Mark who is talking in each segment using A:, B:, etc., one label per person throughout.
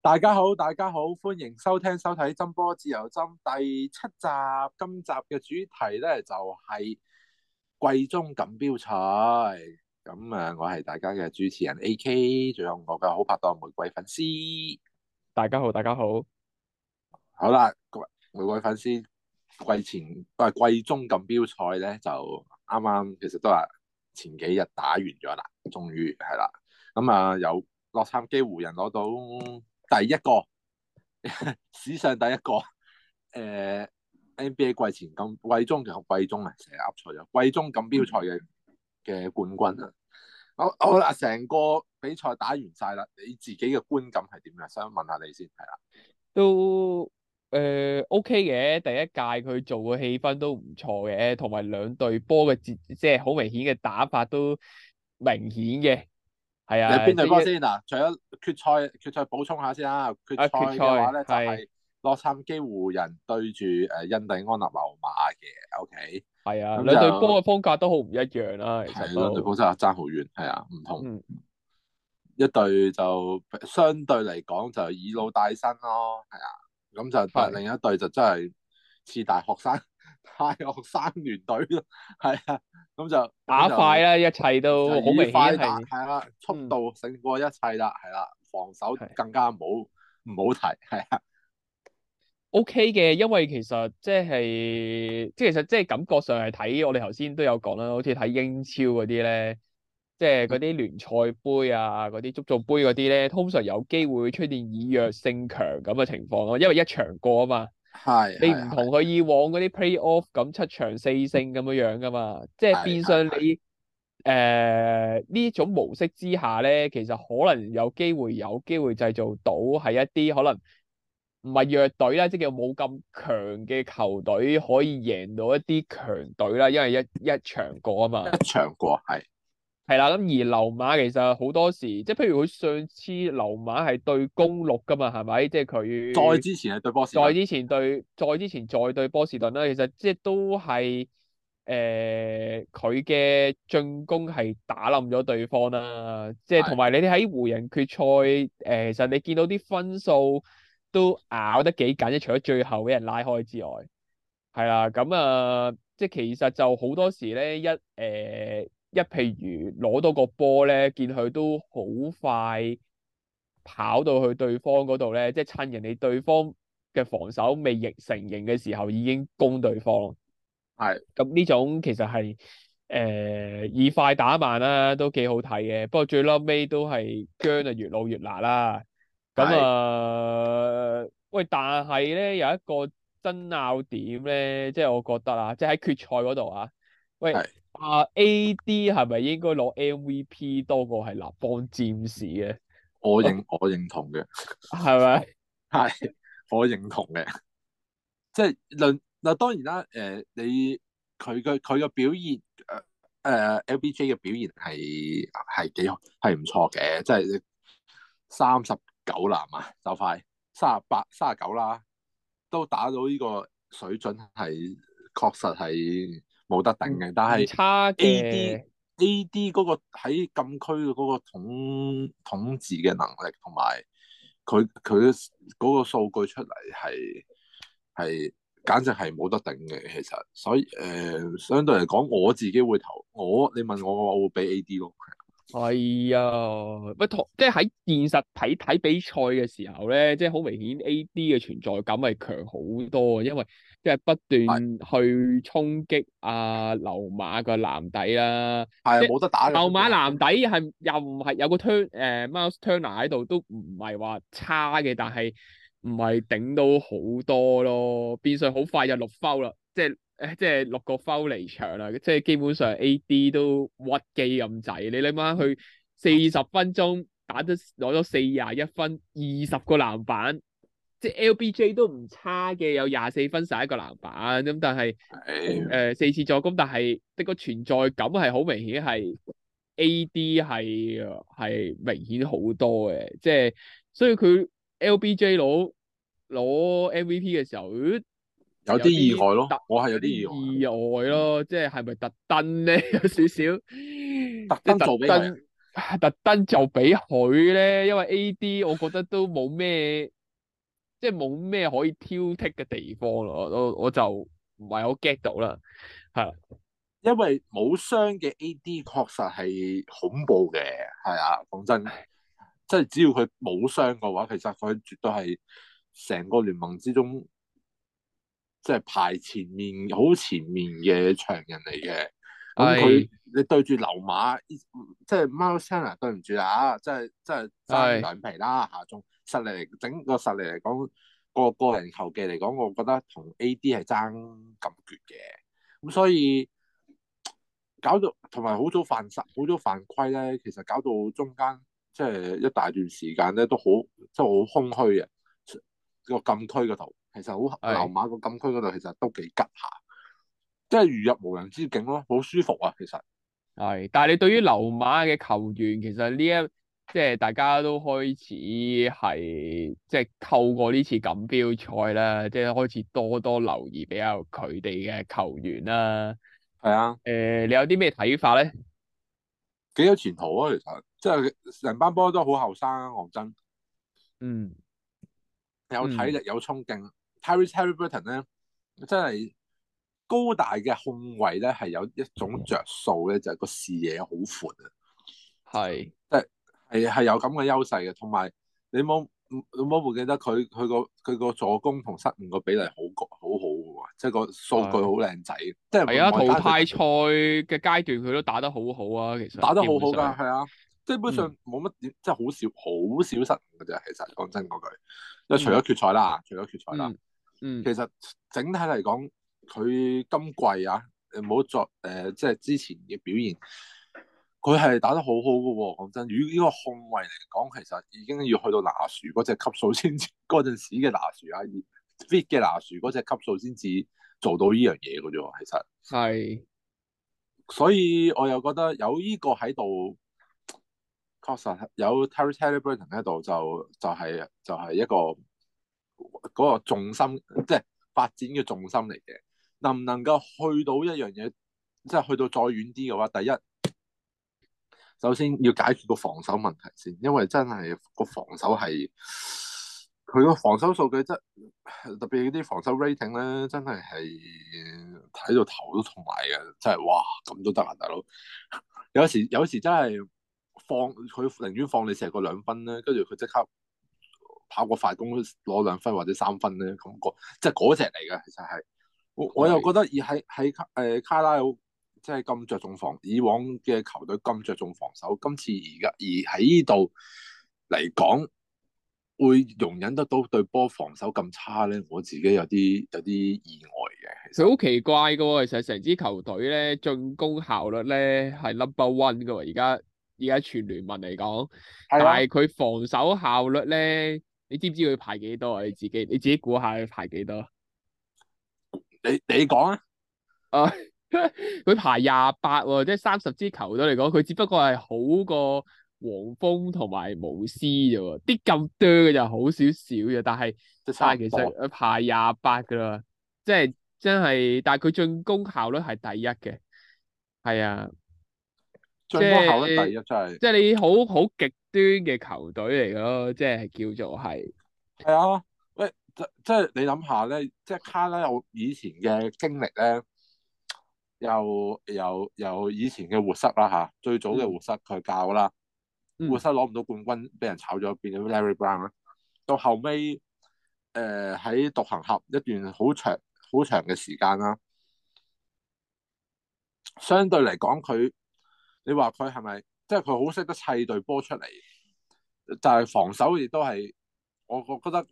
A: 大家好，大家好，歡迎收聽收睇《斟波自由斟》第七集。今集嘅主題咧就係季中錦標賽。咁啊，我係大家嘅主持人 A.K，仲有我嘅好拍檔玫瑰粉絲。
B: 大家好，大家好。好啦，
A: 各位玫瑰粉絲，季前啊，季中錦標賽咧就啱啱，其實都話前幾日打完咗啦，終於係啦。咁啊，有洛杉磯湖人攞到。第一個史上第一個誒、呃、NBA 季前咁季中定季中啊，成日噏錯咗季中錦標賽嘅嘅冠軍啊！好好啦，成個比賽打完晒啦，你自己嘅觀感係點樣？想問下你先係啦，
B: 都誒、呃、OK 嘅，第一屆佢做嘅氣氛都唔錯嘅，同埋兩隊波嘅節即係好明顯嘅打法都明顯嘅。係啊，你邊隊波先嗱來？是
A: 除咗決賽，決賽補充下先啊。決賽嘅話咧賽就係洛杉磯湖人對住誒印第安納溜
B: 馬嘅，OK 的。係
A: 啊就，兩隊波
B: 嘅風格都好唔一樣啦、啊。係、嗯、咯，兩隊波真係爭好遠，係啊，唔同。
A: 一隊就相對嚟講就以老帶新咯，係啊，咁就，的但另一隊就真係似大學生。大學生聯隊咯，係 啊，咁就打快
B: 啦，一切都好明顯係
A: 啦，速度勝過一切啦，係啦，防守更加冇唔的好提，係
B: 啊。O K 嘅，因為其實即係即係其實即係感覺上係睇我哋頭先都有講啦，好似睇英超嗰啲咧，即係嗰啲聯賽杯啊，嗰啲足總杯嗰啲咧，通常有機會出現以弱勝強咁嘅情況咯，因為一場過啊嘛。係，你唔同佢以往嗰啲 playoff 咁七場四勝咁樣樣噶嘛，即係變相你誒呢、 呃、種模式之下咧，其實可能有機會有機會製造到係一啲可能唔係弱隊啦，即係叫冇咁強嘅球隊可以贏到一啲強隊啦，因為一一場過啊嘛，一場過係。 係啦，咁而溜馬其實好多時，即係譬如佢上次溜馬係對公鹿噶嘛，係咪？即係佢再之前係對波士，再之前對，再之前再對波士頓啦。其實即係都係誒，佢、呃、嘅進攻係打冧咗對方啦。即係同埋你哋喺湖人決賽，誒、呃，其實你見到啲分數都咬得幾緊，即除咗最後俾人拉開之外，係啦。咁啊、呃，即係其實就好多時咧，一誒。呃一譬如攞到個波咧，見佢都好快跑到去對方嗰度咧，即係趁人哋對方嘅防守未成形成型嘅時候，已經攻對方。係是。咁呢、嗯、種其實係誒、呃、以快打慢啦、啊，都幾好睇嘅。不過最嬲尾都係薑，啊，越老越辣啦、啊。咁啊是、呃，喂，但係咧有一個爭拗點咧，即係我覺得啊，即係喺決賽嗰度啊，喂。阿、uh, A.D 係咪應該攞 M.V.P 多過係立邦占士嘅？我認我認同嘅，係咪？係，我認同嘅，即係論嗱，當然啦，誒、
A: 呃，你佢嘅佢嘅表現誒誒，L.B.J 嘅表現係係幾係唔錯嘅，即係三十九啦啊，就快三十八三十九啦，都打到呢個水準係確實係。冇得頂嘅，但係差 A D A D 嗰個喺禁區嘅嗰個統治嘅能力，同埋佢佢嗰個數據出嚟係係簡直係冇得頂嘅，其實所以誒、呃、相對嚟講，我自己會投我，你問我嘅話，我會俾 A D 咯。
B: 係啊，不同、哎、即係喺現實睇睇比賽嘅時候咧，即係好明顯 A.D 嘅存在感係強好多，啊，因為即係不斷去衝擊啊，溜馬嘅籃底啦。係啊的，冇是得打。溜馬籃底係又唔係有個 turn 誒、呃、，Myles Turner 喺度都唔係話差嘅，但係唔係頂到好多咯，變相好快就落 foul 啦，即係。誒，即係六個 foul 離場啦，即係基本上 A.D 都屈機咁滯。你諗下佢四十分鐘打得攞咗四十一分，二十個籃板，即係 L.B.J 都唔差嘅，有廿四分十一個籃板咁。但係誒、呃、四次助攻，但係的確存在感係好明顯係 A.D 係係明顯好多嘅，即係所以佢 L.B.J 攞攞 M.V.P 嘅時候，有啲意外咯，我係有啲意外意外咯，即係係咪特登咧？ 有少少特登做俾，特登就俾佢咧。因為 A.D. 我覺得都冇咩， 即係冇咩可以挑剔嘅地方咯。我就唔係好 get 到啦，係因為冇傷嘅 A.D. 確實係
A: 恐怖嘅，係啊，講真， 即係只要佢冇傷嘅話，其實佢絕對係成個聯盟之中。即係排前面，好前面嘅長人嚟嘅。咁佢的、嗯、你對住溜馬，即係 Myles Turner 對唔住啊！即係即係爭兩皮啦，下中實力整個實力嚟講，個個人球技嚟講，我覺得同 AD 係爭咁決嘅。咁、嗯、所以搞到同埋好早犯失，好早犯規咧。其實搞到中間即係、就是、一大段時間咧，都好即係好空虛嘅個禁區嗰度。其實好，溜是馬個禁區嗰度其實都幾吉下，即、
B: 就、係、是、如入無人之境咯，好舒服啊！其實係，但係你對於溜馬嘅球員，其實呢一即係大家都開始係即係透過呢次錦標賽啦，即係開始多多留意比較佢哋嘅球員啦。係啊，誒、呃，你有啲咩睇法咧？幾有
A: 前途啊！其實即係成班波都好後生，啊。王真嗯，嗯，有體力，有衝勁。Terry Terry Burton 咧，真係高大嘅控衞咧，係有一種着數咧，嗯、就係個視野好闊啊。係即係係係有咁嘅優勢嘅。同埋你冇你冇唔記得佢佢個佢個助攻同失誤個比例好好好嘅喎，即、就、係、是、個數據好靚仔。即係係啊淘汰
B: 賽嘅階段，佢都打得好好啊。其實打得好好㗎，係啊水，即係
A: 基本上冇乜點，嗯、即係好少好少失誤㗎啫。其實講真嗰句，即係除咗決賽啦、嗯，除咗決賽啦。嗯，其實整體嚟講，佢今季啊，誒冇作誒、呃，即係之前嘅表現，佢係打得好好嘅，啊。講真，以呢個控衛嚟講，其實已經要去到拿樹嗰隻級數先，嗰 陣時嘅拿樹啊要 fit 嘅拿樹隻級數先至做到呢樣嘢嘅啫。其實係，是所以我又覺得有呢個喺度，確實有 Haliburton 喺度，就是、就係就係一個。嗰個重心，即係發展嘅重心嚟嘅，能唔能夠去到一樣嘢，即係去到再遠啲嘅話，第一，首先要解決個防守問題先，因為真係個防守係，佢個防守數據真，特別嗰啲防守 rating 咧，真係係睇到頭都痛埋嘅，真係哇咁都得啊，大佬，有時有時真係放，佢寧願放你成個兩分咧，跟住佢即刻。跑個快攻攞兩分或者三分咧，咁個即係嗰隻嚟嘅，其實係我我又覺得而喺喺誒卡拉奧即係咁着重防，以往嘅球隊咁着重防守，今次而家而喺呢度嚟講會容忍得
B: 到對波防守咁差咧，我自己有啲有啲意外嘅。其實好奇怪嘅，其實成、哦、支球隊咧進攻效率咧係 number one 嘅，而家而家全聯盟嚟講，的但係佢防守效率咧。你知唔知佢排幾多啊？你自己你自己估下佢排幾多、啊你？你你講、uh, 啊！誒，佢排廿八喎，即係三十支球隊嚟講，佢只不過係好過黃蜂同埋巫師啫喎，啲咁多嘅就好少少嘅，但係就係其實佢排廿八㗎喇，即係真係，但係佢進攻效率係第一嘅，係啊。最苛刻咧，第一就係即係你好好極端嘅球隊嚟咯，即係叫做係
A: 係啊！喂，即係你諗下咧，即係卡咧有以前嘅經歷咧，又又又以前嘅活塞啦吓，最早嘅活塞佢教啦，嗯、活塞攞唔到冠軍，俾人炒咗變咗 Larry Brown 啦，到後尾，誒喺獨行俠一段好長好長嘅時間啦，相對嚟講佢。你話佢係咪即係佢好識得砌隊波出嚟？但係防守亦都係我我覺得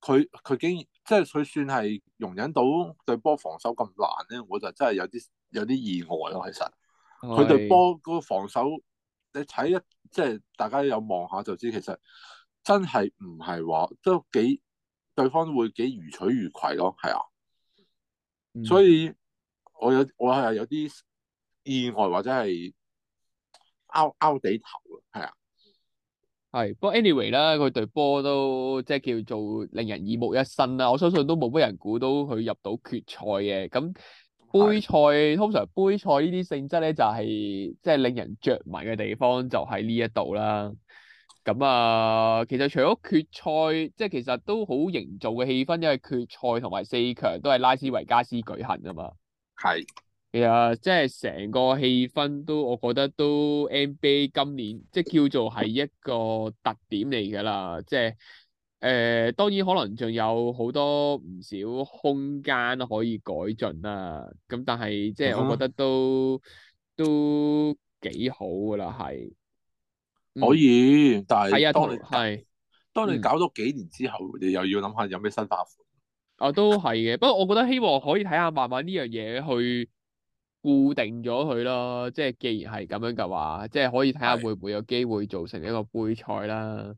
A: 佢佢竟然即係佢算係容忍到隊波防守咁難咧，我就真係有啲有啲意外咯。其實佢隊波個防守，你睇一即係大家有望下就知，其實真係唔係話都幾對方會幾如取如攜咯，係啊。嗯、所以我有我係有啲。意外或者係拗拗地頭
B: 係啊，係。不過 anyway 啦，佢隊波都即係叫做令人耳目一新啦。我相信都冇乜人估到佢入到決賽嘅。咁杯賽的通常杯賽呢啲性質咧，就係即係令人着迷嘅地方就喺呢一度啦。咁、嗯、啊，其實除咗決賽，即係其實都好營造嘅氣氛，因為決賽同埋四強都係拉斯維加斯舉行噶嘛。係。係啊，即係成個氣氛都，我覺得都 NBA 今年即係、就是、叫做係一個特點嚟噶啦，即係誒，當然可能仲有好多唔少空間可以改進啦。咁但係即係我覺得都、uh huh. 都幾好噶啦，係可以。嗯、但係當你
A: 係是當你搞咗是幾
B: 年之後，嗯、你又要諗下有咩新花款啊？都係嘅。不過 我覺得希望可以睇下慢慢呢樣嘢去。固定咗佢咯，即係既然係咁樣嘅話，即係可以睇下會唔會有機會做成一個杯賽啦。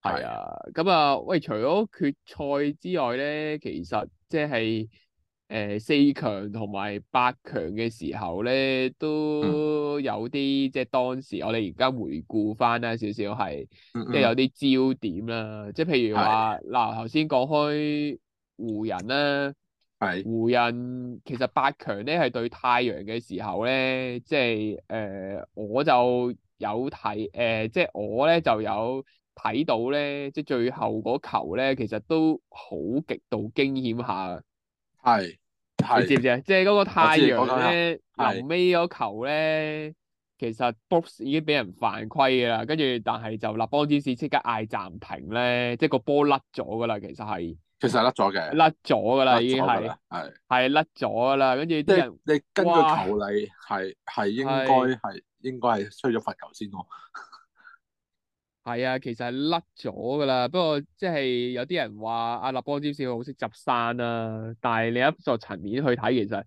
B: 係啊的，咁啊的，喂，除咗決賽之外咧，其實即係誒、呃、四強同埋八強嘅時候咧，都有啲、嗯、即係當時我哋而家回顧翻啦，少少係即係有啲焦點啦。即係譬如話嗱，頭先的、呃、講開湖人啦。係湖是人其實八強咧係對太陽嘅時候咧，即係誒、呃，我就有睇誒、呃，即係我咧就有睇到咧，即係最後嗰球咧，其實都好極度驚險下。係，你知唔知啊？即係嗰個太陽咧，留尾嗰球咧是，其實 box 已經俾人犯規噶啦，跟住但係就立邦占士即刻嗌暫停咧，即係個波甩咗噶啦，其實係。其實甩咗嘅，甩咗噶啦，已經係係甩咗噶啦，跟住即係你根據球例係係應該係
A: 是應該係吹咗罰球先
B: 喎。係啊，其實係甩咗噶啦。不過即係有啲人話阿立邦詹士好識執生啊，但係另一個層面去睇，其實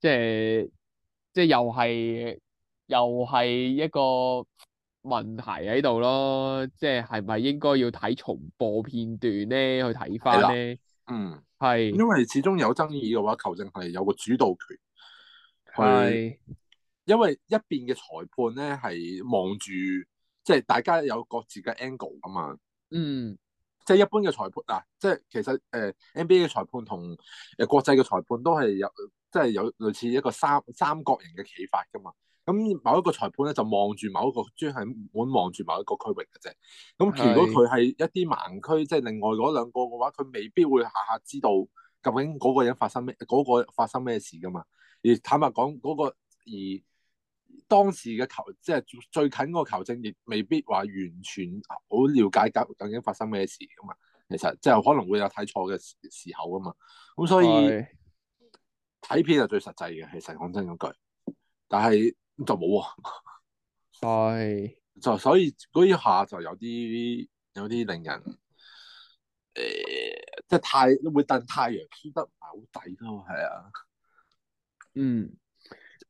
B: 即係即係又係又係一個。問題喺度咯，即係係咪應該要睇重播片段咧去睇翻咧？嗯，係是，因為始終
A: 有爭議嘅話，球證係有個主導權，
B: 係，
A: 是因為一邊嘅裁判咧係望住，即係、就是、大家有各自嘅 angle 啊嘛。嗯，即係一般嘅裁判嗱，即係、就是、其實誒、呃、NBA 嘅裁判同誒國際嘅裁判都係有，即、就、係、是、有類似一個三三角形嘅企法噶嘛。咁、嗯、某一個裁判咧就望住某一個專係滿望住某一個區域嘅啫。咁、嗯、如果佢係一啲盲區，即、就、係、是、另外嗰兩個嘅話，佢未必會下下知道究竟嗰個人發生咩嗰、那個發生咩事噶嘛。而坦白講，嗰、那個而當時嘅球即係最近嗰個球證亦未必話完全好了解緊究竟發生咩事噶嘛。其實即係可能會有睇錯嘅時候噶嘛。咁、嗯、所以睇是片係最實際嘅。其實講真嗰句，但係。咁就冇啊，係、哎，就所以嗰一下就有啲有啲令人誒、呃，即係太會等太陽輸得唔係好抵咯，係啊，嗯，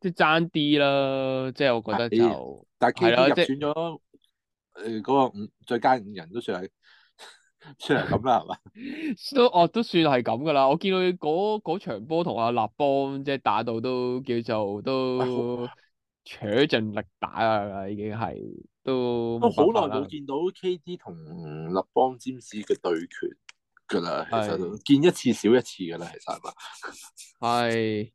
A: 即
B: 係爭啲啦，即係我覺得就，啊、但係佢入選咗
A: 誒嗰個五最佳五人都算係 算係咁啦，係嘛
B: 哦？都我都算係咁噶啦，我見到佢嗰嗰場波同阿立邦即係打到都叫做都。都都 扯盡力打啊，已經係都都好耐冇
A: 見到 KD 同立邦詹士嘅對決噶啦，是其實見一次少一次噶啦，其實係嘛？係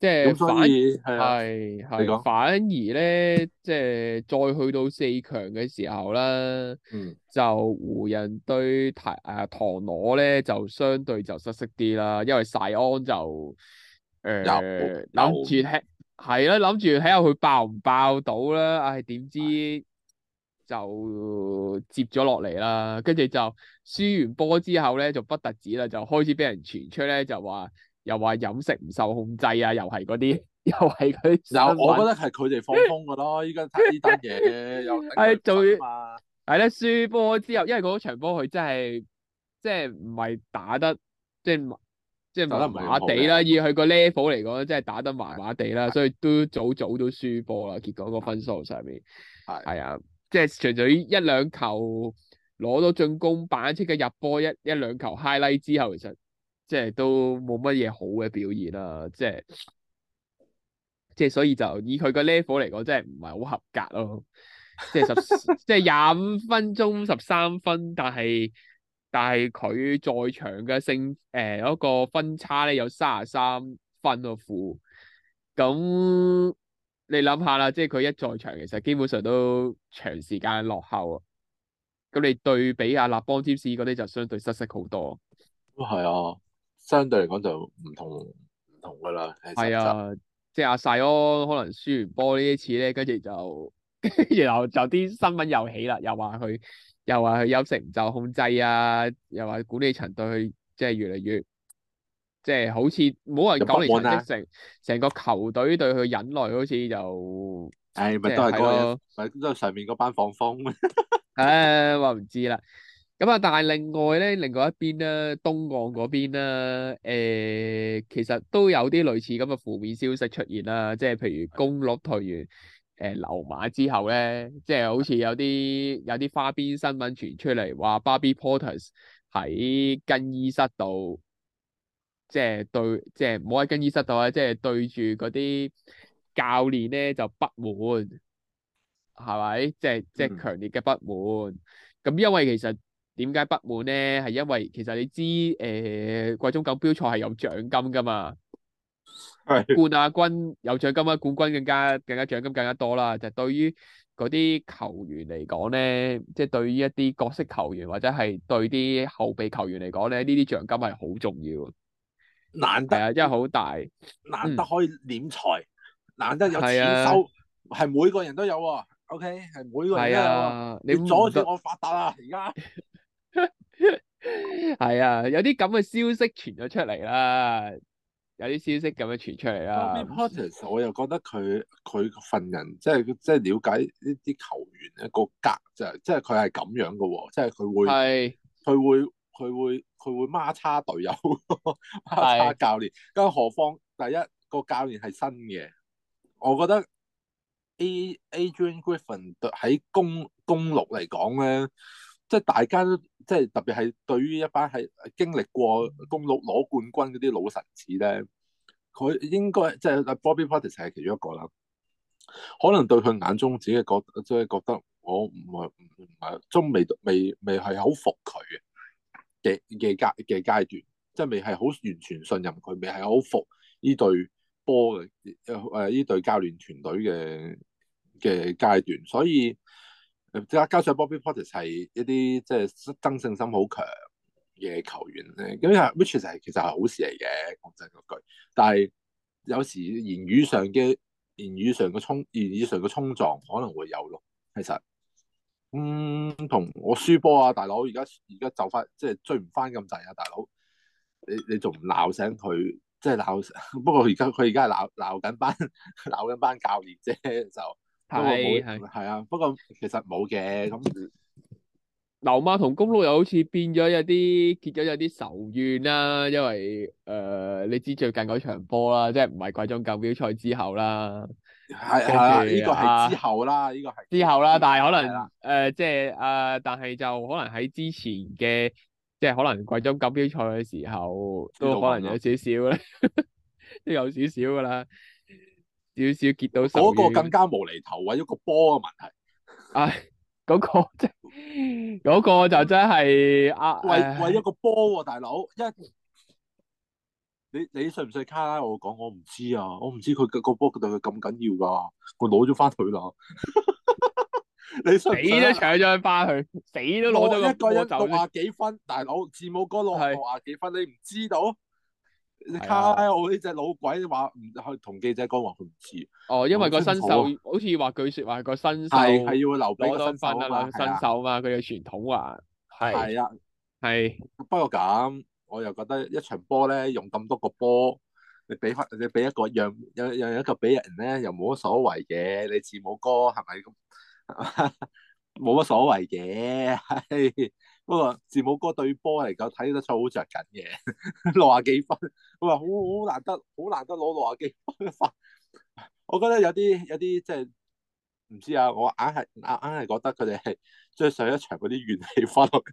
A: 即
B: 係，就是、反，反而呢，以係係，反而咧，即係再去到四強嘅時候啦，嗯、就湖人對誒唐羅咧，就相對就失色啲啦，因為賽安就誒諗住聽。呃有有有係啦，諗住睇下佢爆唔爆到啦。唉、哎，點知就接咗落嚟啦。跟住就輸完波之後咧，就不特止啦，就開始俾人傳出咧，就話又話飲食唔受控制啊，又係嗰啲，又係佢走，我覺得係佢哋放風
A: 噶咯，依家睇呢單嘢。係做
B: 啊！係咧、哎，輸波之後，因為嗰場波佢真係即係唔係打得即係。就是即係打得麻麻地啦，以佢個 level 嚟講，真係打得麻麻地啦，的所以都早早都輸波啦。結果個分數上面係係啊，的的即係除咗一兩球攞到進攻板出嘅入波一一兩球 highlight 之後，其實即係都冇乜嘢好嘅表現啦。即係即係所以就以佢個 level 嚟講，真係唔係好合格咯。 即係十即係廿五分鐘十三分，但係。但係佢在場嘅勝誒嗰個分差咧有三十三分個負，咁你諗下啦，即係佢一在場，其實基本上都長時間落後。咁你對比阿立邦、占士嗰啲就相對失色好多。咁係、哦、啊，相對嚟講就
A: 唔同唔同噶啦。係
B: 啊，即係阿細咯，可能輸完波呢一次咧，跟住就然後就啲新聞又起啦，又話佢。又話佢飲食就控制啊，又話管理層對佢即係越嚟越，即係好似冇人九年成成、啊、個球隊對佢忍耐好，好似就誒咪都係嗰
A: 咪上面嗰班放風。
B: 誒話唔知啦，咁啊，但係另外咧，另外一邊咧，東岸嗰邊咧，誒、呃、其實都有啲類似咁嘅負面消息出現啦，即係譬如公鹿退員，誒溜、呃、馬之後咧，即係好似有啲有啲花邊新聞傳出嚟，話 Barry Porter s 喺更衣室度，即係對，即係唔好喺更衣室度咧，即係對住嗰啲教練咧就不滿，係咪？即係即係強烈嘅不滿。咁因為其實點解不滿咧？係因為其實你知誒、呃、季中錦標賽係有獎金噶嘛？冠亞軍有獎金啊，冠軍更加更加獎金更加多啦。就是，對於嗰啲球員嚟講咧，即、就、係、是、對於一啲角色球員或者係對啲後備球員嚟講咧，呢啲獎金係好重要。難得係啊，真係好大，
A: 難得可以斂財，嗯、難得有錢收，係、啊、每個人都有喎、啊。OK，係每個人都有，啊、嗎你阻住我發達啊！而家
B: 係啊，有啲咁嘅消息傳咗出嚟啦。有啲消息咁樣傳出嚟啦。Well,
A: is, 我又覺得佢佢份人，即係即係了解呢啲球員一個格就是，即係佢係咁樣噶喎、哦，即係佢會佢是會佢會佢會孖叉隊友，孖叉,叉教練。咁是何況第一個教練係新嘅，我覺得 A Adrian Griffin 喺公攻鹿嚟講咧。即係大家都即係特別係對於一班係經歷過公鹿攞冠軍嗰啲老臣子咧，佢應該即係、就是、Bobby Portis 係其中一個啦。可能對佢眼中只係覺即係、就是、覺得我唔係唔係都未未未係好服佢嘅嘅嘅階嘅階段，即係未係好完全信任佢，未係好服呢隊波嘅誒呢隊教練團隊嘅嘅階段，所以。加加上，Bobby Portis 係一啲即係爭勝心好強嘅球員咧，咁啊，which 就係其實係好事嚟嘅，講真嗰句。但係有時言語上嘅言語上嘅衝言語上嘅衝撞可能會有咯，其實咁同、嗯、我輸波啊，大佬，而家而家就翻即係追唔翻咁滯啊，大佬，你你仲唔鬧醒佢？即係鬧 不過而家佢而家鬧鬧緊班鬧緊班教練啫就。係，係是啊，啊啊不過其實冇嘅咁。
B: 溜馬同公路又好似變咗有啲結咗有啲仇怨啦，啊，因為誒、呃、你知最近嗰場波啦，即係唔係季中錦標賽之後啦，係係、啊，呢後個係之後啦，呢、啊、個係之後啦，這個。但係可能誒即係啊，呃呃、但係就可能喺之前嘅，即係可能季中錦標賽嘅時候都可能有少少啦，都 有少少噶啦。少少結到手，嗰個更加
A: 無厘頭，為咗個波嘅問題，
B: 唉、 哎，嗰、那個即係嗰個就真係啊，為為一
A: 個波喎、啊，大佬一，你你信唔信？卡拉，我講我唔知啊，我唔知佢、那個個波對佢咁緊要噶、啊，佢攞咗翻去啦，
B: 你信信死都搶咗翻去，死都攞咗個波走，六十幾分，我走 大
A: 佬字母哥攞六十幾分，你唔知道？你卡睇我呢隻老鬼，你話唔去同記者講話佢唔知。
B: 哦，因為個新手、啊、好似話佢説話，說個新手係要留低個身份啦，新手嘛，佢嘅的傳統話係係啊，
A: 係。的的不過咁，我又覺得一場波咧，用咁多個波，你俾翻，你俾一個讓，又又一個俾人咧，又冇乜所謂嘅。你字母哥，係咪咁？冇 乜所謂嘅。不過字母哥對波嚟講，睇得出好着緊嘅，六廿幾分，佢話好好難得，好難得攞六廿幾分嘅分。我覺得有啲有啲即係唔知啊，我硬係硬硬係覺得佢哋係將上一場嗰啲元氣發落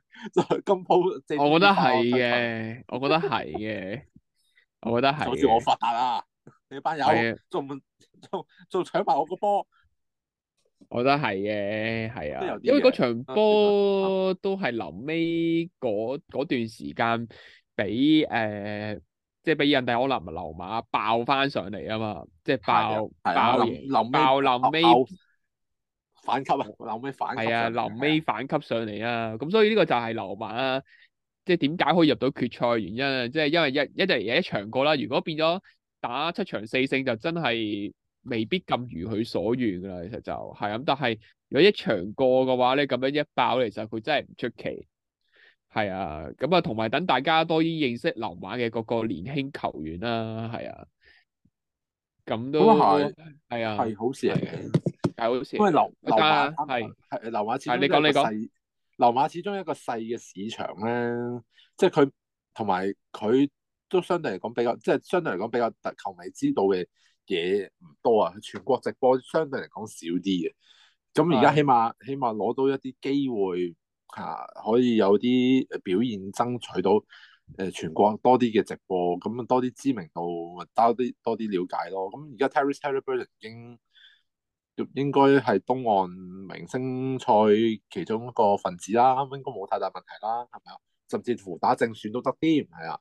A: 金鋪。我覺得係嘅，
B: 我覺得係嘅，我覺得係。好似我發
A: 達啊！你班友仲仲仲搶埋我個波。
B: 我覺得係嘅，係啊，因為嗰場波都係臨尾嗰嗰段時間俾誒，即係俾人哋可能溜馬爆翻上嚟啊嘛，即係爆爆爆臨尾反級啊，臨尾反係啊，臨尾反級上嚟啊，咁所以呢個就係溜馬啊，即係點解可以入到決賽原因啊，即係因為一一零零一場過啦，如果變咗打七場四勝就真係。未必咁如佢所願啦，其實就係啊，但係如果一場過嘅話咧，咁樣一爆，其實佢真係唔出奇。係啊，咁啊，同埋等大家多啲認識溜馬嘅嗰個年輕球員啦。係啊，咁都係啊，係好事嚟嘅，係好事。因為溜溜馬
A: 係係溜馬始。你講你講。溜馬始終一個細嘅市場咧，即係佢同埋佢都相對嚟講比較，即係相對嚟講比較特球迷知道嘅。嘢唔多啊，全國直播相對嚟講少啲嘅，咁而家起碼的起碼攞到一啲機會嚇、啊，可以有啲表現爭取到誒、啊、全國多啲嘅直播，咁、啊、多啲知名度，多啲多啲瞭解咯。咁而家 Tyrese Haliburton 已經應該係東岸明星賽其中一個分子啦，應該冇太大問題啦，係咪啊？甚至
B: 乎打正選都得啲，係啊。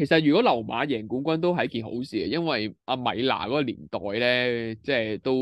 B: 其實如果溜馬贏冠軍都係件好事嘅，因為阿米娜嗰個年代咧，即係都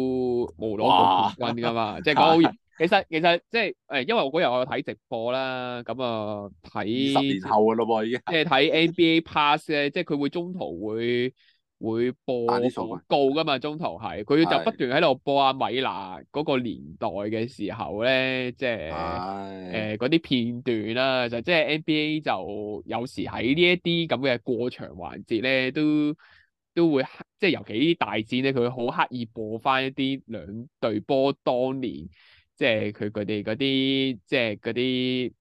B: 冇攞過冠軍噶嘛。哇 即係講， 其實其實即係誒，因為我嗰日我有睇直播啦，咁啊睇十年後噶咯已經即係睇 NBA p a s s 咧，即係佢會中途會。會播廣告噶嘛，中途係佢就不斷喺度播阿米娜嗰個年代嘅時候咧，即係誒嗰啲片段啦，啊，就即、是、係 NBA 就有時喺呢一啲咁嘅過場環節咧，都都會即係、就是、尤其呢啲大戰咧，佢好刻意播翻一啲兩隊波當年，即係佢佢哋嗰啲即係嗰啲。就是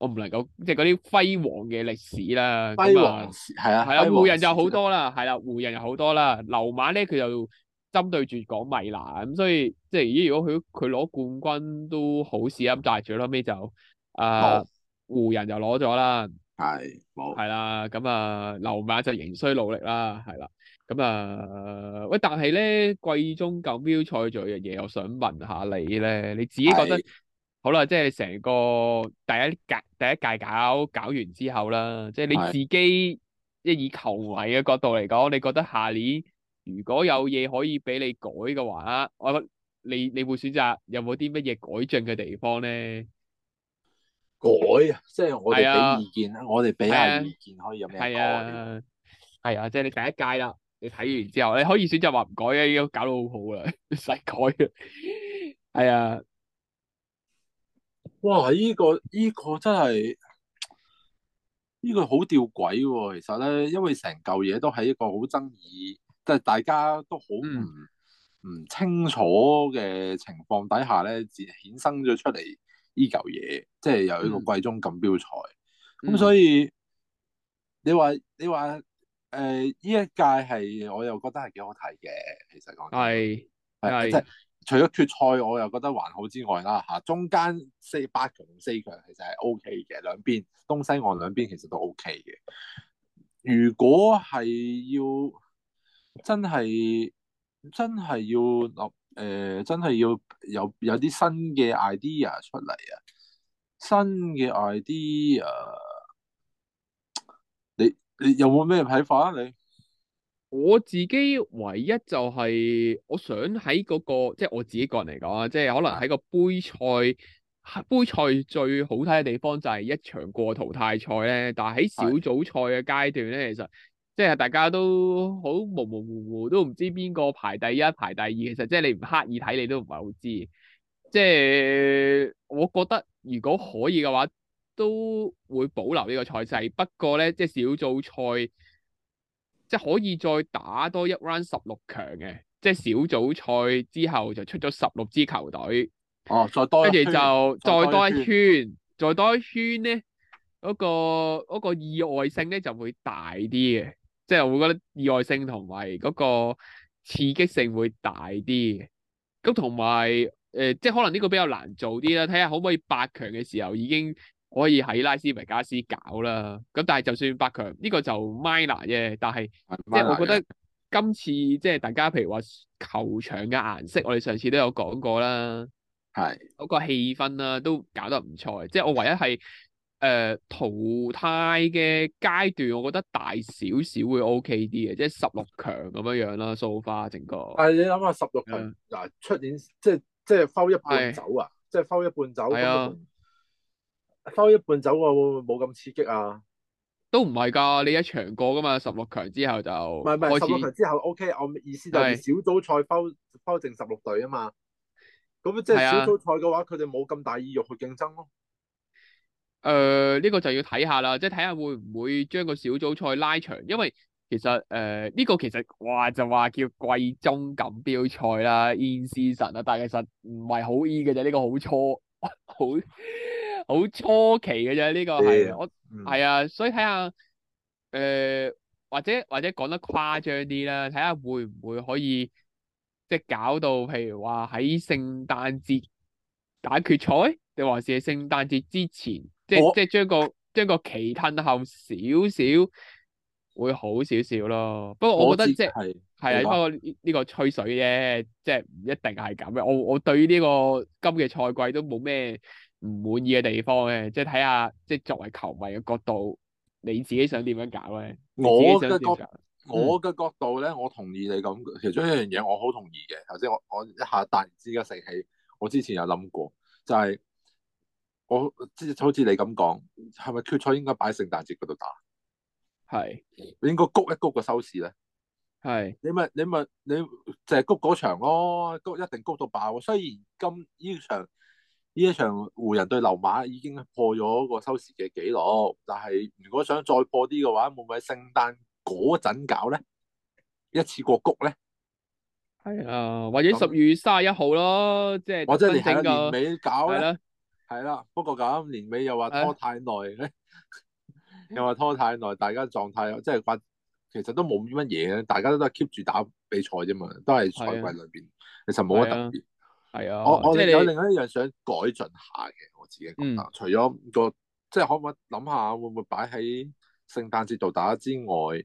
B: 我唔能夠即係嗰啲輝煌嘅歷史啦，輝煌係啊，係啊，湖人就好多啦，係啦，湖人就好多啦。劉馬咧，佢就針對住講米蘭，咁所以即係如果佢佢攞冠軍都好事咁大咗啦，後尾就啊湖人就攞咗啦，係冇係啦，咁啊劉馬就仍需努力啦，係啦，咁啊喂，但係咧，季中錦標賽做嘅嘢，我想問下你咧，你自己覺得？好啦，即係成個第一屆第一屆搞搞完之後啦，即係你自己即係以球迷嘅角度嚟講，你覺得下年如果有嘢可以俾你改嘅話，我覺得你你會選擇有冇啲乜嘢改進嘅地方咧？
A: 改啊！即係我哋俾意見啦，我哋俾下意見可以有咩？
B: 係啊，係啊，即係你第一屆啦，你睇完之後你，可以選擇話唔改嘅，已經搞到好好啦，唔使改嘅，係啊。哇！呢、這個呢、這個真
A: 係呢、這個好吊詭喎、哦，其實咧，因為成嚿嘢都係一個好爭議，即、就、係、是、大家都好唔唔清楚嘅情況底下咧，自衍生咗出嚟呢嚿嘢，即係又一個季中錦標賽咁，嗯、所以你話你話誒呢一屆係我又覺得係幾好睇嘅，其實講係係。除咗決賽，我又覺得還好之外啦，嚇、啊、中間四八強四強其實係 O K 嘅，兩邊東西岸兩邊其實都 O K 嘅。如果係要真係真係要落、呃、真係要有有啲新嘅 idea 出嚟啊，新嘅 idea，你你有冇咩睇法啊？你？
B: 我自己唯一就係我想喺嗰個，即係我自己個人嚟講啊，即係可能喺個杯賽，杯賽最好睇嘅地方就係一場過淘汰賽咧。但係喺小組賽嘅階段咧，其實即係大家都好模模糊糊，都唔知邊個排第一、排第二。其實即係你唔刻意睇，你都唔係好知。即係我覺得如果可以嘅話，都會保留呢個賽制。不過咧，即係小組賽。即係可以再打多一 round 十六強嘅，即係小組賽之後就出咗十六支球隊。哦、啊，再多跟住就再多一圈，再多一圈咧，嗰、嗰個嗰個意外性咧就會大啲嘅，即係我會覺得意外性同埋嗰個刺激性會大啲嘅。咁同埋誒，即係可能呢個比較難做啲啦，睇下可唔可以八強嘅時候已經，可以喺拉斯維加斯搞啦，咁但係就算八強呢個就 minor 啫。但係是即係我覺得今次即係大家譬如話球場嘅顏色，我哋上次都有講過啦，係嗰是個氣氛啦、啊，都搞得唔錯，即係我唯一係誒、呃、淘汰嘅階段，我覺得大少少會 ok 啲嘅，即係十六強咁樣樣、啊、啦，蘇花整個。但
A: 係你諗下十六強嗱出年即係即係抽一半走啊，的即係抽一半走。的抽一半走啊，會唔
B: 會冇咁刺激啊？都唔係噶，你一場過噶嘛，十六強之後就，唔係唔係十六強之
A: 後，OK，我意思就係小組賽抽抽剩十六隊啊嘛。咁即係小組賽嘅話，佢哋冇咁大意欲去競爭咯。
B: 誒、呃，呢、這個就要睇下啦，即係睇下會唔會將個小組賽拉長，因為其實誒呢、呃這個其實哇就話叫季中錦標賽啦，in season 啊，但係其實唔係好 in 嘅啫，呢、這個好初好。 好初期嘅啫，呢、這個係、嗯、我係啊，所以睇下誒、呃、或者或者講得誇張啲啦，睇下會唔會可以即係搞到，譬如話喺聖誕節打決賽，定還是係聖誕節之前，即係我即係將個將個期吞後少少，會好少少咯。我不過我覺得即係係啊，白不過呢個吹水啫，即係唔一定係咁嘅。我我對於呢個今嘅賽季都冇咩唔滿意嘅地方咧，即係睇下，即係作為球迷嘅角度，你自己想點樣搞咧？搞呢我嘅角，
A: 我嘅角度咧，我同意你咁。其中一樣嘢，我好同意嘅，頭先我我一下突然之間醒起，我之前有諗過，就係、是、我即係好似你咁講，係咪決賽應該擺聖誕節嗰度打？係是應該谷一谷個收視咧？係是你咪，你咪，你淨係谷嗰場咯，谷一定谷到爆、啊。雖然今呢場。呢一場湖人對溜馬已經破咗個收視嘅紀錄，但係如果想再破啲嘅話，會唔會喺聖誕嗰陣搞咧？一次
B: 過谷咧？係啊、哎，或者十二月三十一號咯，即係、就即係我即年尾搞啦，
A: 係啦的。不過咁年尾又話拖太耐，的 又話拖太耐，大家狀態又即係關，其實都冇乜嘢，大家都都係 keep 住打比賽啫嘛，都係賽季裏面，其實冇乜特別。係啊，我我哋有另外一樣想改進下嘅，我自己覺得，嗯、除咗、個即係可唔可以諗下會唔會擺喺聖誕節度打之外，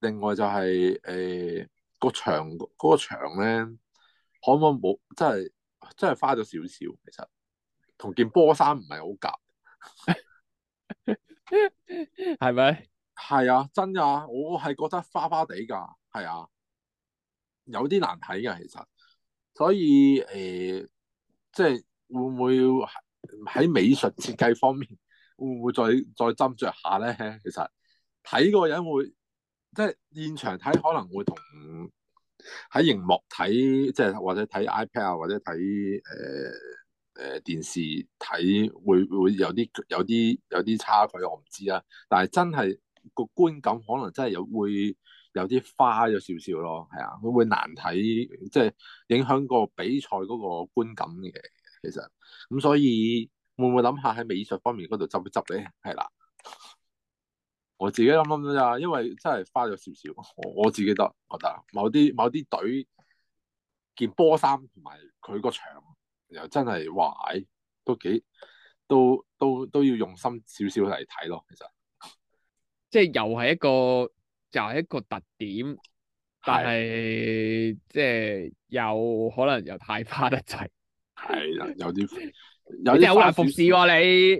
A: 另外就係、是、誒、欸個場嗰、個場咧，可唔可以冇即係真係花咗少少，其實同件波衫唔係好夾，係咪？係啊，真噶，我係覺得花花地噶，係啊，有啲難睇噶，其實。所以誒、欸，即係會唔會喺美術設計方面會唔會再再斟酌下咧？其實睇個人會即係現場睇可能會同喺熒幕睇，即係或者睇 iPad 啊，或者睇誒誒電視睇，會會有啲有啲有啲差距，我唔知啊。但係真係個觀感可能真係有會。有啲花咗少少咯，係啊，會會難睇，即係影響個比賽嗰個觀感嘅。其實咁、嗯，所以會唔會諗下喺美術方面嗰度執一執咧？係啦、啊，我自己諗諗咋，因為真係花咗少少。我自己都覺得某，某啲某啲隊件波衫同埋佢個場又真係壞，都幾都都都要用心少少嚟
B: 睇咯。其實即係又係一個。就係一個特點，但係即係有可能又太花得滯，係 啦，有啲有啲好難服侍喎你，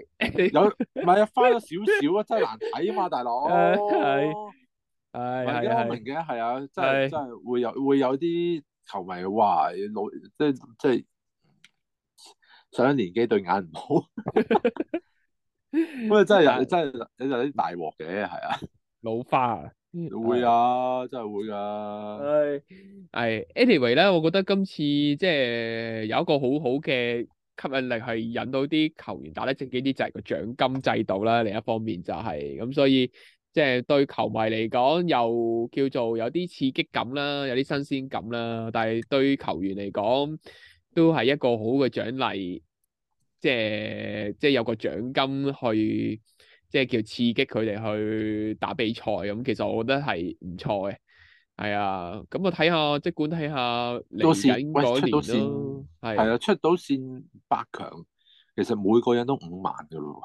B: 有唔係啊，花咗
A: 少少啊，的真係難睇啊嘛，大佬，係係係明嘅係啊，真係真係會有會有啲球迷話老即即係上一年紀對眼唔好，不過真係真係有啲大鑊嘅係啊，
B: 老花。
A: 會啊，哎、真係會噶、
B: 啊。係 anyway 咧，anyway，我覺得今次即係、就是、有一個好好嘅吸引力，係引到啲球員打得正經啲，就係、是、個獎金制度啦。另一方面就係、是、咁，所以即係、就是、對球迷嚟講，又叫做有啲刺激感啦，有啲新鮮感啦。但係對球員嚟講，都係一個好嘅獎勵，即係即係有個獎金去。即係叫刺激佢哋去打比賽咁，其實我覺得係唔錯嘅，係啊。咁我睇下，即管睇下，兩時年喂，出到線，係係啊，出
A: 到線八強，其實每個人都五萬噶咯。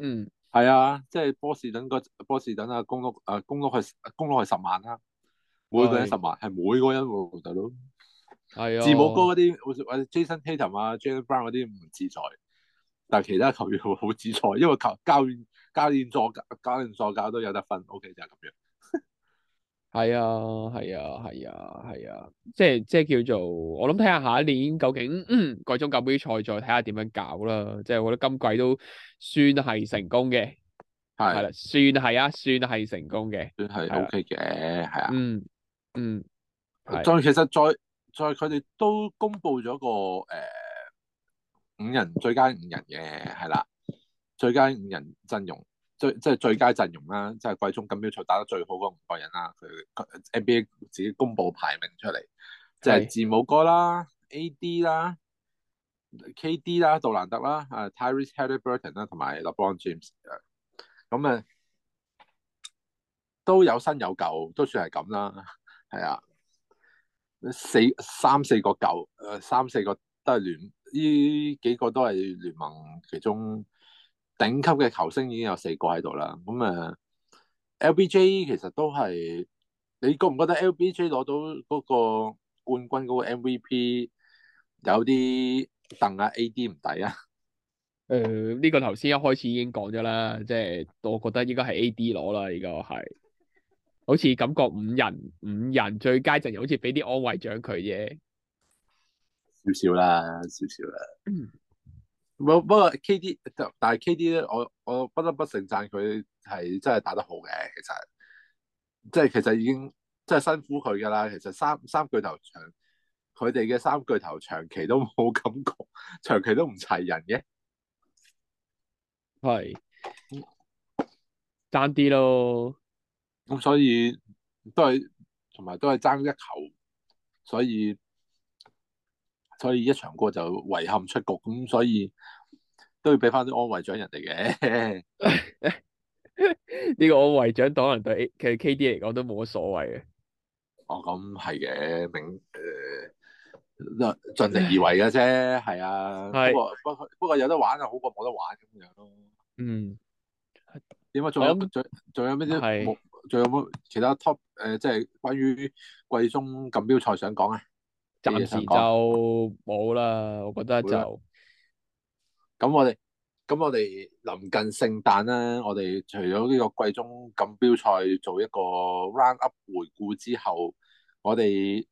A: 嗯，係啊，即係波士頓個波士頓啊，公屋啊，公屋係公屋係十萬啦，每個人都十萬，係每個人喎大佬。係啊的，的字母哥嗰啲，或者 Jayson Tatum 啊 Jaylen Brown 嗰啲唔自在。但係其他球員會好指賽，因為球教練、教練助教、教練助教都有得分。O、OK, K，就係咁樣。
B: 係 啊，係啊，係啊，係啊，即係即係叫做我諗睇下下一年究竟季中錦標賽再睇下點樣搞啦。即係我覺得今季都算係成功嘅，係啦、啊，啊、算係啊，算係成功嘅，算係 O K 嘅，係啊。
A: 嗯、啊、嗯，再、嗯有啊、其實再再佢哋都公布咗個誒。呃五人最佳五人嘅係啦，最佳五人陣容，最即係最佳陣容啦，即係季中錦標賽打得最好嗰五個人啦。佢 NBA 自己公布排名出嚟，就係字母哥啦、AD 啦、KD 啦、杜蘭特啦、啊、呃、Tyrese Haliburton 啦，同埋 LeBron James。咁啊、呃，都有新有舊，都算係咁啦。係啊，四三四個舊，誒、呃、三四個都係亂。呢幾個都係聯盟其中頂級嘅球星，已經有四個喺度啦。咁啊 LBJ 其實都係，你覺唔覺得 LBJ 攞到嗰個冠軍嗰個 MVP 有啲鄧啊 AD 唔抵啊？誒、呃，呢、
B: 呢個頭先一開始已經講咗啦，即係我覺得應該係 AD 攞啦，應該係。好似感覺五人五人最佳陣，又好似俾啲安慰獎佢啫。
A: 少少啦，少少啦。
B: 唔、嗯，不過 K D 但係 K D 咧，我我
A: 不得不稱讚佢係真係打得好嘅，其實即係其實已經真係辛苦佢㗎喇。其實三三巨頭長佢哋嘅三巨頭長期都冇感覺，長期都唔齊人嘅，
B: 係爭啲咯。咁所以都係
A: 同埋都係爭一球，所以。所以一場過就遺憾出局，咁所以都要俾翻啲安慰獎人哋嘅。
B: 呢 個安慰獎黨人對 A，其實 KD 嚟講都冇乜所謂
A: 嘅。哦，咁係嘅，明
B: 誒、呃、盡力而為
A: 嘅啫，係啊 不。不過不過不過有得玩就好過冇得玩咁樣咯。嗯。點解仲有仲仲、嗯、有咩啲？仲有冇是其他 Top 誒、呃？即係關於季中錦標賽想講啊？
B: 暫時就冇啦，我覺得就
A: 咁。我哋咁我哋臨近聖誕啦，我哋除咗呢個季中錦標賽做一個 round up 回顧之後，我哋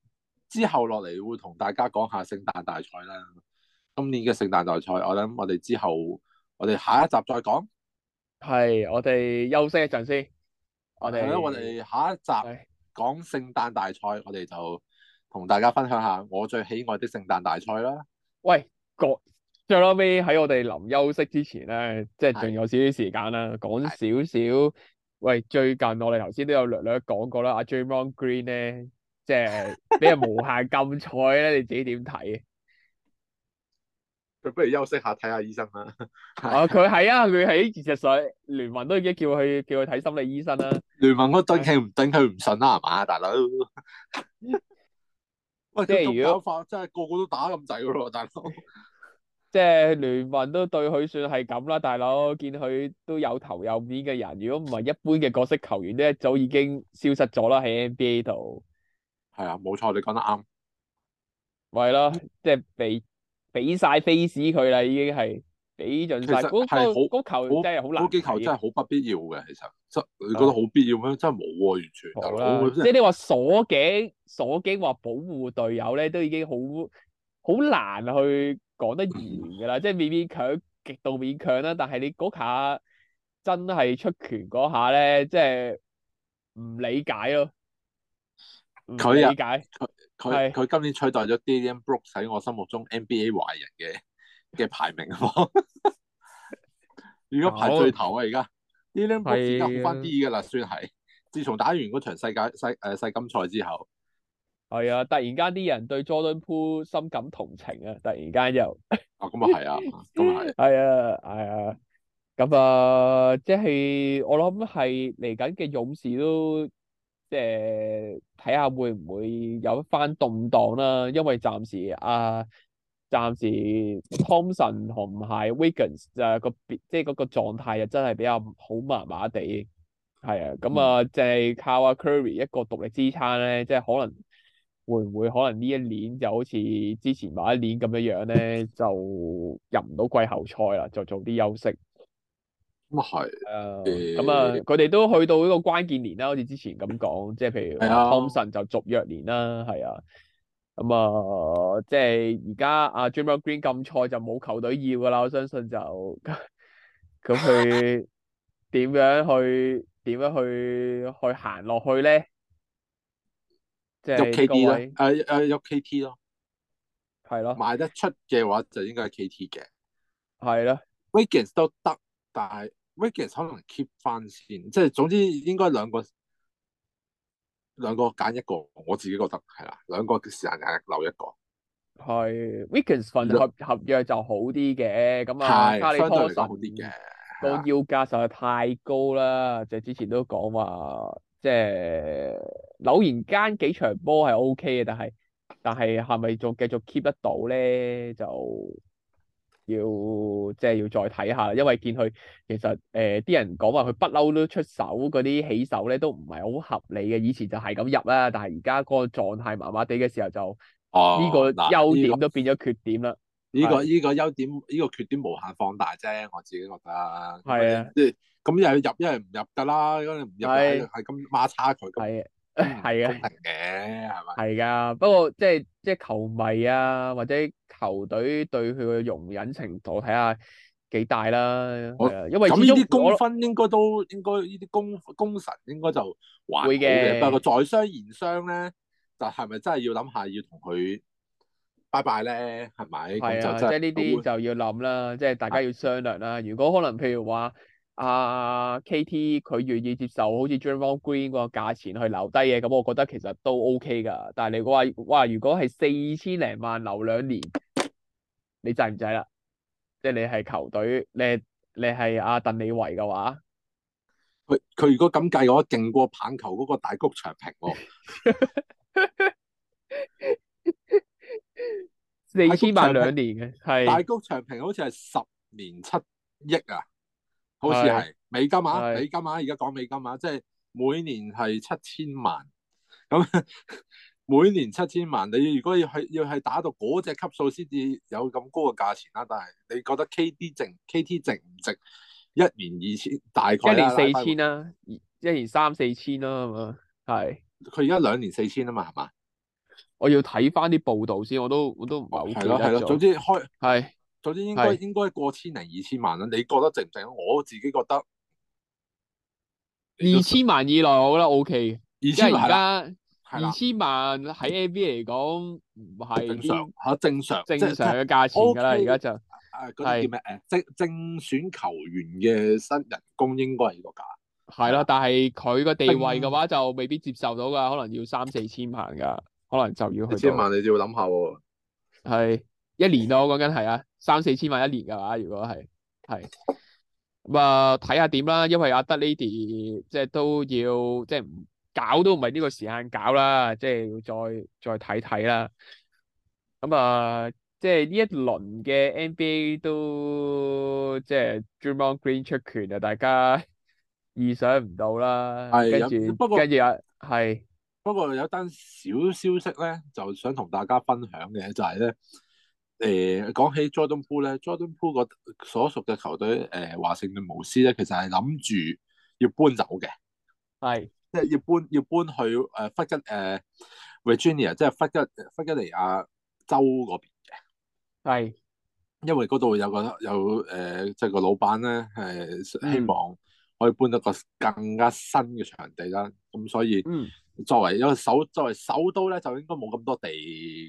A: 之後落嚟會同大家講下聖誕大賽啦。今年嘅聖誕大賽，我諗我哋之後我哋下一集再講。
B: 係，我哋休息一陣先們。我哋我哋
A: 下一集講聖誕大賽，我哋就。同大家分享下我最喜愛的聖誕大賽啦。
B: 喂，郭，最後尾喺我哋臨休息之前咧，即係仲有少時間的少時間啦，講少少。喂，最近我哋頭先都有略略講過啦，阿、啊、Draymond Green 咧，即係俾人無限禁賽咧， 你自己點睇？佢不如休息下睇下醫生啦。哦，佢係啊，佢喺跌住只水，聯盟都已經叫佢叫佢睇心理醫生啦、
A: 啊。聯盟都頂唔頂，佢唔順啦，係嘛，大佬。
B: 喂，即係如果真係個個都打咁滯嘅咯，大佬，即係聯盟都對佢算係咁啦，大佬，見佢都有頭有面嘅人，如果唔係一般嘅角色球員，一早已經消失咗啦喺 NBA 度。係啊，冇錯，你講得啱。咪咯，即係俾俾晒 face 佢啦，已經係。幾盡晒嗰嗰嗰球真係好難，嗰幾球真係好
A: 不必要嘅。其實，
B: 即你覺得好
A: 必要咩？真係冇喎，完全。即你話
B: 鎖頸鎖頸或保護隊友咧，都已經好好難去講得完噶啦。即勉勉強，極度勉強啦。但係你嗰下真係出拳嗰下咧，即唔理解咯。
A: 佢唔理解，佢佢佢今年取代咗 Dillon Brooks 喺我心目中 NBA 壞人嘅。嘅排名呵呵，如果排最頭啊，而家好，
B: 呢兩排而家好翻啲
A: 噶啦，算係、啊。自從打完嗰場世界世誒世錦賽之後，
B: 係啊，突然間啲人對 Jordan Poole 深感同情啊，突然間又，哦咁啊係啊，咁啊係，係啊係啊，咁 啊即係、啊嗯就是、我諗係嚟緊嘅勇士都，即誒睇下會唔會有一番動蕩啦、啊，因為暫時啊。啊暫時，Thompson 同唔 Wiggins 就係、個即係嗰個狀態又真係比較好，麻麻地，係啊。咁啊，就係靠阿 Curry 一個獨力支撐咧、啊，即係可能會唔會可能呢一年就好似之前某一年咁樣樣咧，就入唔到季後賽啦，就做啲休息。咁啊係。誒、嗯，咁、嗯、啊，佢哋、嗯、都去到呢個關鍵年啦，好似之前咁講，對的 即係譬如 Thompson、啊、就續約年啦，係啊。咁、嗯呃、啊，即係而家阿 j a m Green 禁賽就冇球隊要噶啦，我相信就咁佢點樣去點 樣去樣去行落去咧？即係嗰 K 位，誒誒，有 K T 咯，係、啊、咯，賣的得出
A: 嘅話就應該係 K T 嘅，係啦，Wiggins 都得，但係 Wiggins 可能 keep 翻，先，即、就、係、是、總之應該兩個。兩個揀一個，我自己覺得係啦。兩個嘅時間揀留一個，
B: 係是。Wiggins 份合的合約就好啲嘅，咁啊，的相對就好啲嘅。個要價實在太高啦，就係之前都講話，即係偶然間幾場波係 OK 嘅，但係但係係咪仲繼續 keep 得到咧？就要即係要再睇下，因為見佢其實誒，啲、呃、人講話佢不嬲都出手嗰啲起手咧，都唔係好合理嘅。以前就係咁入啦，但係而家嗰個狀態麻麻地嘅時候就呢個優點都變咗缺點啦。呢、嗯、是個呢
A: 個優點呢、
B: 呢個缺點無限
A: 放大啫，我自己覺得係啊。即係
B: 咁又要入，因為唔入噶啦。如果你唔入係咁孖叉佢，係啊，係啊，公平嘅係嘛。係噶，不過即係即係球迷啊，或者。的球隊對佢嘅容忍程度，睇下幾大啦。好因為呢啲公分
A: 應該都應該呢啲公工神應該就會嘅的。相相是不過在商言商咧，就係咪真係要諗下要同佢拜拜咧？係咪？係啊的，即係呢啲
B: 就要諗啦，即係大家要商量啦。如果可能，譬如話阿 KT 佢願意接受好似 Draymond Green 嗰個價錢去留低嘅，咁我覺得其實都 OK 噶。但係你話哇，如果係四千零萬留兩年？你制唔制啦？即係你係球隊，你你係阿鄧李維嘅話，
A: 佢佢如果咁計嘅話，勁過棒球嗰個大谷翔平喎，
B: 四千萬兩年嘅，係大，是大
A: 谷翔平好似係十年七億啊，
B: 好似係的美金啊，的美
A: 金啊，而家講美金啊，即係每年係七千萬咁。 每年七千萬，你如果要去要係打到嗰隻級數先至有咁高嘅價錢啦。但係你覺得 K D 值 K T 值唔值？一年二千大概、啊、一年四千
B: 啦，一年三四千啦，係嘛、啊？係佢而家兩年四千啊嘛，係嘛？我要睇翻啲報道先，我都我都唔係好記得咗。係咯係咯，總之開係，的
A: 總之應該的應該過千零二千萬啦。你覺得值唔值？我自己覺得
B: 二千萬以內，我覺得 O、OK, K。二千萬而家。二千萬喺 A.B. 嚟講唔係正常嚇、啊，正常正常嘅價錢㗎啦是，而家就係咩誒正正選球員嘅新人工應該係呢個價。係啦的，的但係佢個地位嘅話就未必接受到㗎，可能要三四千萬㗎，可能就要四千萬你
A: 都要諗下喎、
B: 啊，係一年咯，我講緊係啊，三四千萬一年㗎嘛，如果係係咁啊，睇下點啦，因為阿德 Lady 即係都要即係唔。搞都唔係呢個時間搞啦，即係要再再睇睇啦。咁啊，即係呢一輪嘅 NBA 都即係 Draymond Green 出拳啊，大家意想唔到啦。跟住跟住啊，係不過
A: 有單小消息咧，就想同大家分享嘅就係、是、咧，誒、呃、講起 Jordan Poole 咧，Jordan Poole 個所屬嘅球隊誒、呃、華盛頓巫師咧，其實係諗住要搬走嘅，係。即係要搬要搬去誒弗、呃、吉誒、呃、Virginia，即係弗吉弗吉尼亞州嗰邊嘅。係，因為嗰度有個有誒，即、呃、係、即係、個老闆咧誒、呃，希望可以搬到一個更加新嘅場地啦。咁所以作為一個首作為首都咧，就應該冇咁多地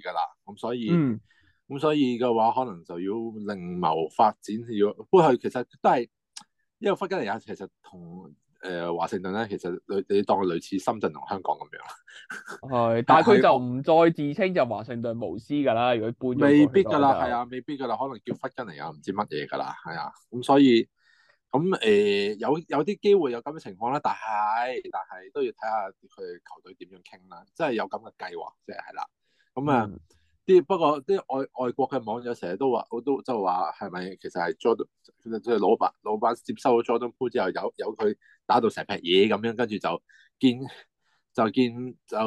A: 㗎啦。咁所以咁、嗯、所以嘅話，可能就要另謀發展，要搬去其實都係，因為弗吉尼亞其實同。誒、華、呃、盛頓咧，其實類你當佢類似深圳同香港咁樣，
B: 係是， 但係是佢就唔再自稱就華盛頓巫師噶啦，如果搬咗未必噶啦，係啊，
A: 未必噶啦，可能叫弗吉尼亞啊，唔知乜嘢噶啦，係啊，咁
B: 所以咁誒、呃，
A: 有有啲機會有咁嘅情況啦。但係但係都要睇下佢球隊點樣傾啦，即、就、係、是、有咁嘅計劃即係係啦，咁、就、啊、是。啲不過啲外外國嘅網友成日都話，我都就係話係咪其實係佐敦即係老闆老闆接收咗佐敦夫之後，由由佢打到成劈嘢咁樣，跟住就見就見就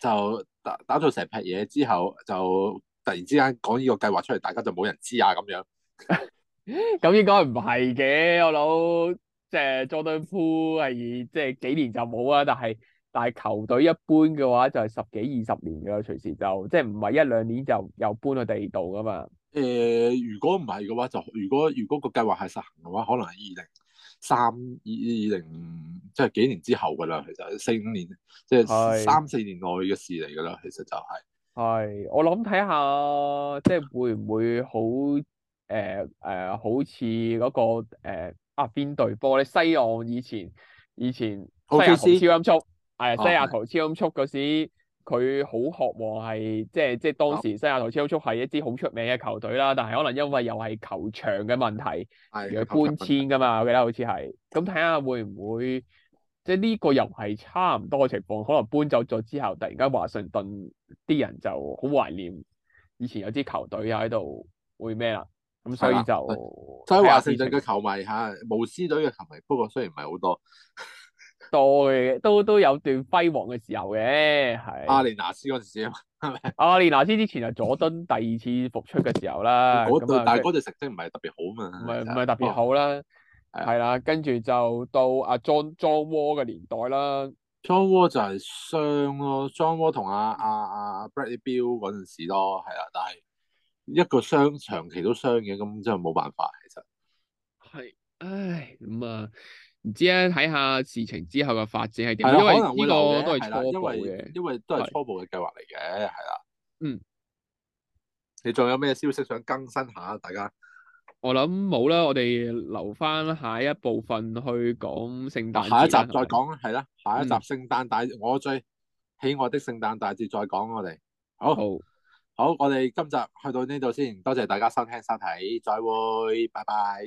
A: 就打打到成劈嘢之後，就突然之間講呢個計劃出嚟，大家就冇人知啊咁樣。
B: 咁 應該唔係嘅，我老即係佐敦夫係即係幾年就冇啊，但係。但係球隊一般嘅話，就係、是、十幾二十年嘅啦。隨時就即係唔係一兩年就又搬到第二度㗎嘛？誒、呃，如果唔係嘅話，就如果如果個計劃係實行嘅話，可能係二零三
A: 二二零即係幾年之後㗎啦。其實四五年即係三四年內嘅事嚟㗎啦。其實就係、
B: 是、係我諗睇下，即係會唔會好誒誒？好似嗰、那個誒、呃、啊邊隊波咧？西岸以前以前好似。超音速。係西雅圖超音速嗰時，佢好渴望係，即係即係當時西雅圖超音速係一支好出名嘅球隊啦。但係可能因為又係球場嘅問題，係、哎、呀搬遷噶嘛，我記得好似係。咁睇下會唔會即係呢個又係差唔多嘅情況？可能搬走咗之後，突然間華盛頓啲人就好懷念以前有支球隊喺度，會咩啦？咁所以就，所以華盛頓嘅球迷吓，巫師隊嘅球迷，不過雖然唔係好多。多都都有段輝煌嘅時候嘅，係阿連拿斯嗰陣時 啊，阿連拿斯之前係佐敦第二次復出嘅時候啦，但係嗰隊
A: 成績唔係特別好嘛，唔係唔係特別好
B: 啦，係啦、啊的，跟住就到阿莊莊窩嘅年代啦，莊窩就係傷
A: 咯，莊窩同阿阿阿 Bradley Bill 嗰陣時咯，係啦，但係一個傷長期都傷嘅，咁
B: 真係冇辦法，其實係，唉是的，咁 啊。唔知咧，睇下事情之後嘅發展係點，因為呢個都係初步嘅，
A: 因為都係初步嘅計劃嚟嘅，係啦的。
B: 嗯的，你仲有咩消息
A: 想更新下大家？
B: 我諗冇啦，我哋留翻下一部分去講聖誕節，下一集再講
A: 啦，係啦的有，下一集聖誕大，嗯、我最喜愛的聖誕大節再講我，我哋好好，好，我哋今集去到呢度先，多謝大家收聽收睇，再會，拜拜。